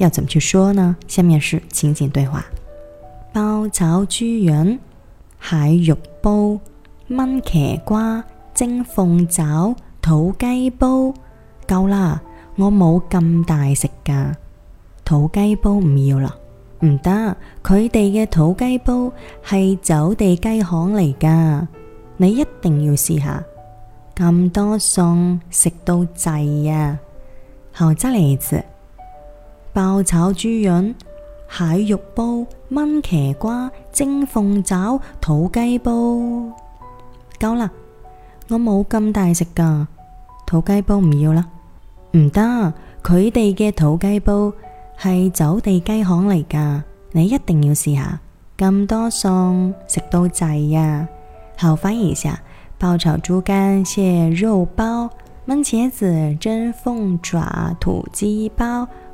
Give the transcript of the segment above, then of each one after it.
要怎麼去說呢？下面是情景對話：爆炒豬膶、蟹肉煲、炆茄瓜、蒸鳳爪、土雞煲，夠啦！我冇咁大食噶，土雞煲唔要啦。唔得，佢哋嘅土雞煲係走地雞項嚟噶，你一定要試下。咁多餸，食到滯啊！好，再嚟一次。爆炒豬膶、蟹肉煲、炆茄瓜、蒸鳳爪、土雞煲，夠啦。我冇咁大食噶，土雞煲唔要啦。唔得，佢哋嘅土雞煲係走地雞項嚟噶，你一定要試下。咁多餸食到滯啊！後反而食爆炒豬肝、蟹肉、啊、肉煲，燜茄子、蒸鳳爪、土雞煲。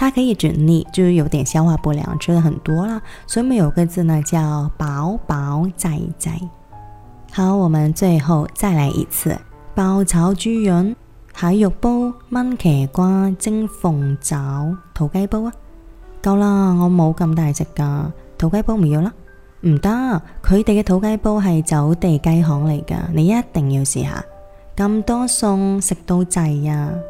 它可以止膩，就是有點消化不良，吃得很多了。所以我有個字呢叫飽飽滯滯。好，我們最後再來一次：爆炒豬膶、蟹肉煲、炆茄瓜、蒸鳳爪、土雞煲啊！夠啦，我冇咁大食噶，土雞煲唔要啦。唔得，佢哋嘅土雞煲係走地雞項嚟噶，你一定要試下。咁多餸，食到滯呀、啊！